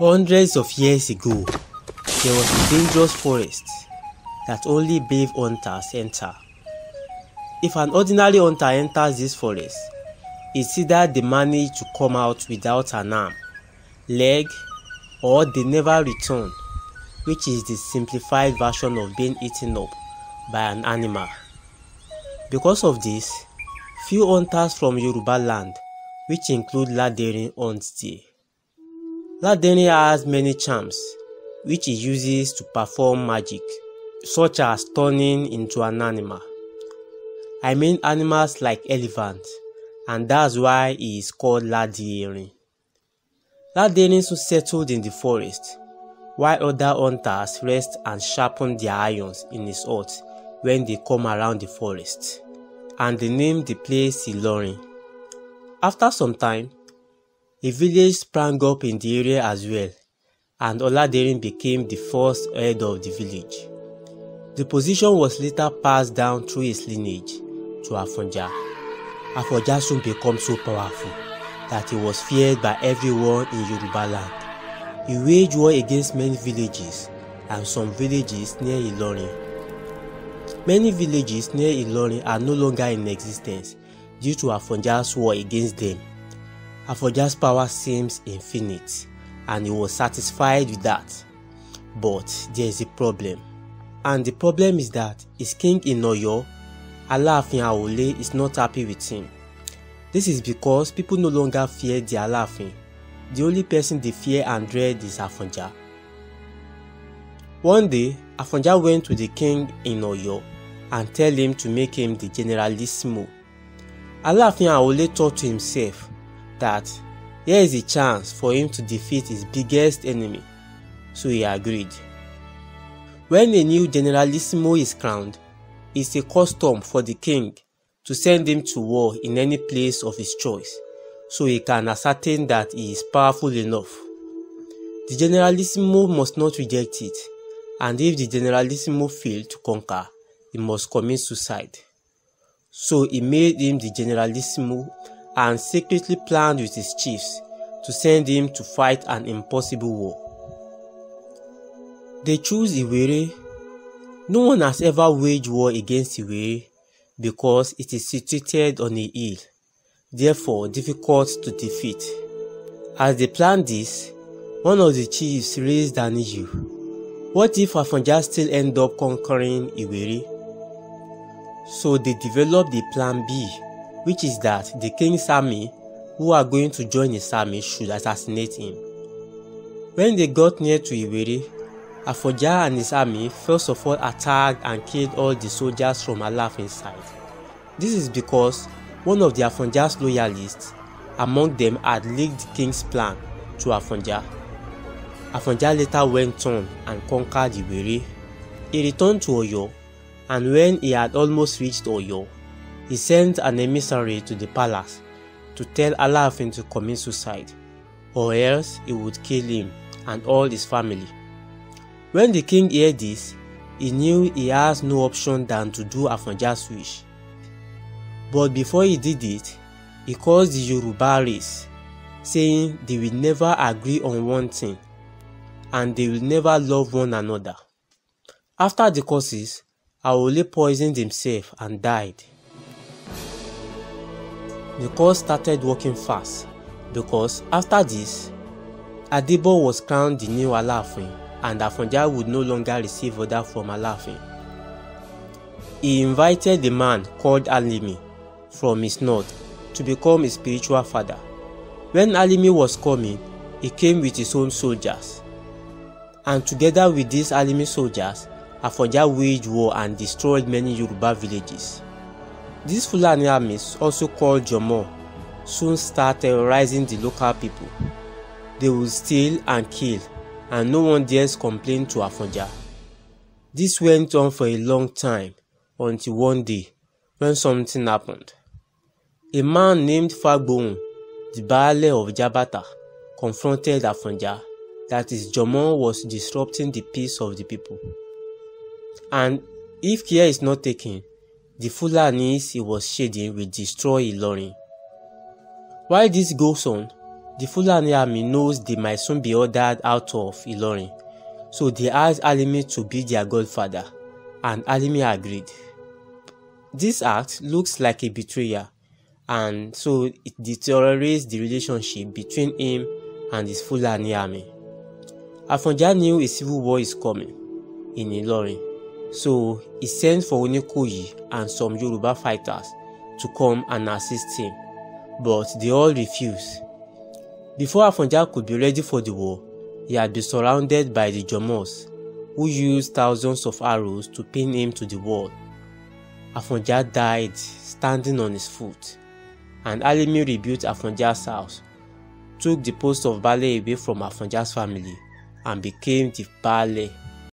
Hundreds of years ago, there was a dangerous forest that only brave hunters enter. If an ordinary hunter enters this forest, it's either they manage to come out without an arm, leg, or they never return, which is the simplified version of being eaten up by an animal. Because of this, few hunters from Yoruba land, which include Ladering hunt there. Ladeni has many charms, which he uses to perform magic, such as turning into an animal. I mean animals like elephant, and that's why he is called Ladierin. Ladierin soon settled in the forest, while other hunters rest and sharpen their irons in his hut when they come around the forest, and they named the place Ilorin. After some time, A village sprang up in the area as well, and Oladerin became the first head of the village. The position was later passed down through his lineage to Afonja. Afonja soon became so powerful that he was feared by everyone in Yoruba land. He waged war against many villages and some villages near Ilorin. Many villages near Ilorin are no longer in existence due to Afonja's war against them. Afroja's power seems infinite and he was satisfied with that. But there is a problem. And the problem is that his king in Oyo, Alaafin Aole is not happy with him. This is because people no longer fear the Alaafin. The only person they fear and dread is Afonja. One day, Afonja went to the king in Oyo and tell him to make him the generalissimo. Alaafin Aole thought to himself, that here is a chance for him to defeat his biggest enemy, so he agreed. When a new generalissimo is crowned, it's a custom for the king to send him to war in any place of his choice, so he can ascertain that he is powerful enough. The generalissimo must not reject it, and if the generalissimo failed to conquer, he must commit suicide. So he made him the generalissimo and secretly planned with his chiefs to send him to fight an impossible war. They chose Iwere. No one has ever waged war against Iwere because it is situated on a hill, therefore difficult to defeat. As they planned this, one of the chiefs raised an issue. What if Afanja still end up conquering Iwere? So they developed a plan B which is that the king's army who are going to join his army should assassinate him. When they got near to Iwere, Afoja and his army first of all attacked and killed all the soldiers from Alaafin inside. This is because one of the Afonja's loyalists among them had leaked the king's plan to Afonja. Afonja later went on and conquered Iwere. He returned to Oyo and when he had almost reached Oyo, he sent an emissary to the palace to tell Alaafin to commit suicide, or else he would kill him and all his family. When the king heard this, he knew he has no option than to do Alafin's wish. But before he did it, he caused the Yoruba race, saying they will never agree on one thing and they will never love one another. After the causes, Aole poisoned himself and died. Nicole started working fast because after this, Adebo was crowned the new Alafin, and Afonja would no longer receive order from Alafin. He invited the man called Alimi from his north to become his spiritual father. When Alimi was coming, he came with his own soldiers. And together with these Alimi soldiers, Afonja waged war and destroyed many Yoruba villages. These Fulani armies, also called Jomon, soon start terrorizing the local people. They would steal and kill, and no one dares complain to Afonja. This went on for a long time, until one day, when something happened. A man named Fagbohun, the Baale of Jabata, confronted Afonja that is Jomon was disrupting the peace of the people. And if care is not taken, the Fulanis he was shading will destroy Ilorin. While this goes on, the Fulani army knows they might soon be ordered out of Ilorin, so they asked Alimi to be their godfather, and Alimi agreed. This act looks like a betrayal, and so it deteriorates the relationship between him and his Fulani army. Afonja knew a civil war is coming in Ilorin So he sent for Onikoyi and some Yoruba fighters to come and assist him, but they all refused. Before Afonja could be ready for the war, he had been surrounded by the Jomos, who used thousands of arrows to pin him to the wall. Afonja died standing on his foot, and Alimi rebuilt Afonja's house, took the post of Baale away from Afonja's family, and became the Baale